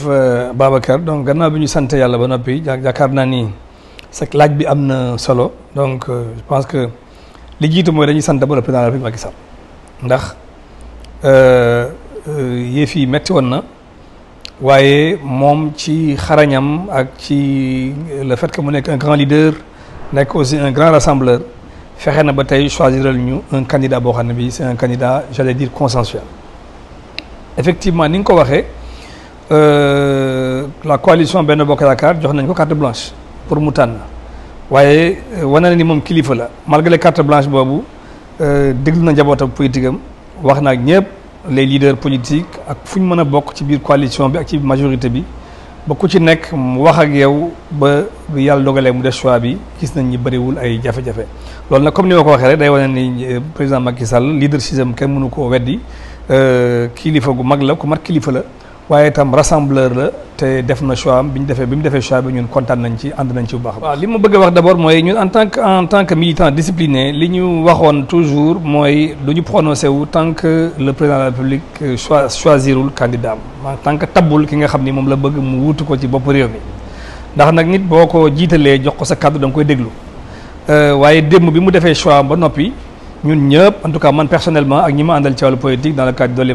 jërëjëf euh, Babacar donc ganna biñu santé yalla ba noppi jaakaar naa ni c'est laaj bi amna solo donc euh, je pense que li jitu moy dañuy sant ba le président la Macky Sall ndax euh, euh yi metti wonna wayé mom ci xarañam ak ci le fait que mu nek un grand leader nek aussi un grand rassembleur fexé na ba tay choisiral ñu un candidat bo xamné bi c'est un candidat j'allais dire consensuel effectivement ni ko waxé Euh, la coalition benn bokk yaakaar jox nañ ko carte blanche pour mu tànn waaye euh, wane na ni moom kilifa la malgré carte blanche boobu euh, déglu na njabootam politique am wax na ak ñëpp les leaders politiques ak fu ñu mën a bokk ci biir coalition bi ak ci majorité bi ba ku ci nekk mu wax ak yow ba yàlla dogalee mu def choix bi gis nañ ñi bëriwul ay jafe-jafe loolu nag comme ni ma ko waxee rek day wane ni président Macky Sall leadership am kenn mënu koo weddi kilifa gu mag la ku mat kilifa la. waaye itam rassembleur la te def choix am bi ñu defee bi choix bi ñun kontaan nañ ci ànd nañ ci baax. waaw li ma bëgg wax en tant que en tant que militant discipliné li ñu toujours moi du prononcer prononcé wu tant que le président de la République euh, choi choisirul candidat am tant que taboul ki nga xam ni moom la bëgg mu wuutu ko ci bopp réew mi ndax nag nit boo ko jiitalee jox ko sa kàddu da nga koy déglu euh, waaye démb bi mu defee choix ba noppi ñun ñëpp en tout cas man personnellement ak ñi ma ci politique dans le cadre de Dolli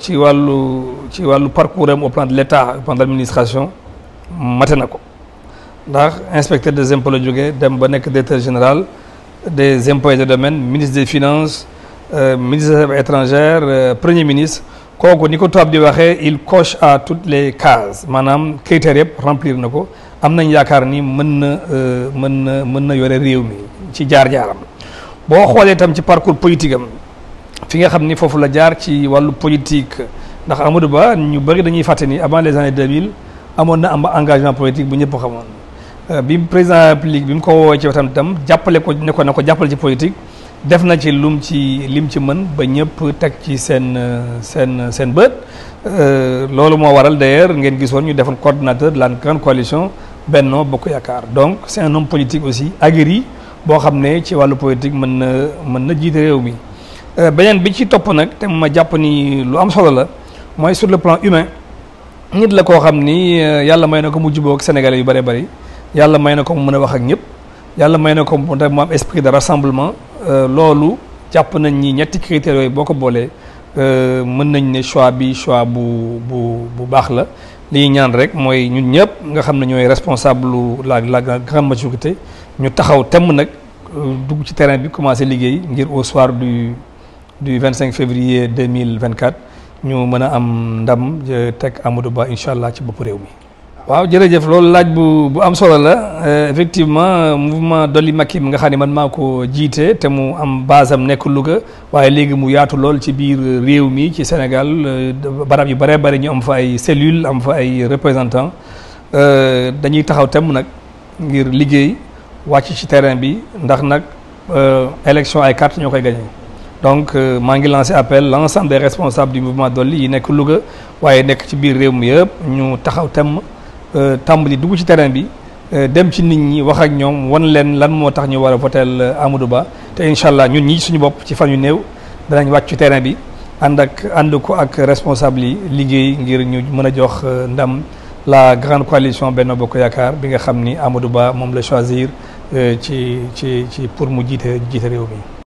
ci walu ci wàllu parcours am au plan de l'État état au plan de administration ndax inspecteur des impôts la jógee dem ba nek directeur général des impôts et des domaines ministre des finances euh, ministre des affaires étrangères euh, premier ministre koku niko top di waxé il coche à toutes les cases manam critères remplir nako ko am nañ yaakaar ni mën na euh, mën na mën ci jaar-jaaram bo xolé tam ci parcours politique am fi nga xam ni foofu la jaar ci walu politique ndax Amadou Ba ñu bëri dañuy fàtte ni avant les années 2000 amoon na am engagement politique bu ñëpp xamone euh, bi président de la République bi mu ko woowee ci watam tam jàppale ko ne ko na ko ci politique def na ci lum ci lim ci mën ba ñëpp teg ci sen sen seen bët euh, loolu mo waral d'ailleurs ngeen gissone ñu defon coordinateur de la grande coalition Benno Bokk Yaakaar donc c'est un homme politique aussi aguerri bo xamné ci walu politique mën na mën na jiite réew mi. Euh, benen bi ci top nak te ma japp ni lu am solo la moy sur le plan humain nit la ko xamni euh, yalla may nako ko mu jubóo ak sénégalais yu bari bari yalla may nako ko mu mën wax ak ñep yalla may nako ko mu am esprit de rassemblement euh, lolu japp nañ ni ñetti critères yooyu boo ko boolee mën nañ né choix bi choix bu bu bu baax la li ñaan rek moy ñun ñep nga xamni ñoy responsable la la grande majorité ñu taxaw tém nak dugg ci terrain bi commencer liggéey ngir au soir du. du 25 février 2024 ñu mën a am ndam teg Amadou Ba incha allah ci bopp réew mi. waaw jërëjëf loolu laaj bu bu am solo la euh, effectivement mouvement Dolli Macky nga xam ne man maa ko jiite te mu am base am nekk Louga waaye léegi mu yaatu lool ci biir réew mi ci Sénégal euh, barab yu bare bare ñu am fa ay cellules am fa ay représentants euh, dañuy taxaw temm nag ngir liggéey wàcc ci terrain bi ndax nag élection ay carte ñoo koy gagné. donc euh, maa ngi lancé appel l'ensemble des responsables du mouvement d'olly yi nekk Louga waaye nekk ci biir réew mi yëpp ñu taxaw temm euh, tambli dugg ci terrain bi euh, dem ci nit ñi wax ak lan mo tax ñu war a Amadou Ba te incha allah ñun ñi suñu bopp ci fan yu néew danañ wàcc ci terrain bi ànd ak ànd ko ak responsable yi ngir ñu mëna jox ndam la grande coalition Benno Bokk yakar bi nga xamni Amadou Ba mom la choisir ci ci ci pour mu jité jité rew mi.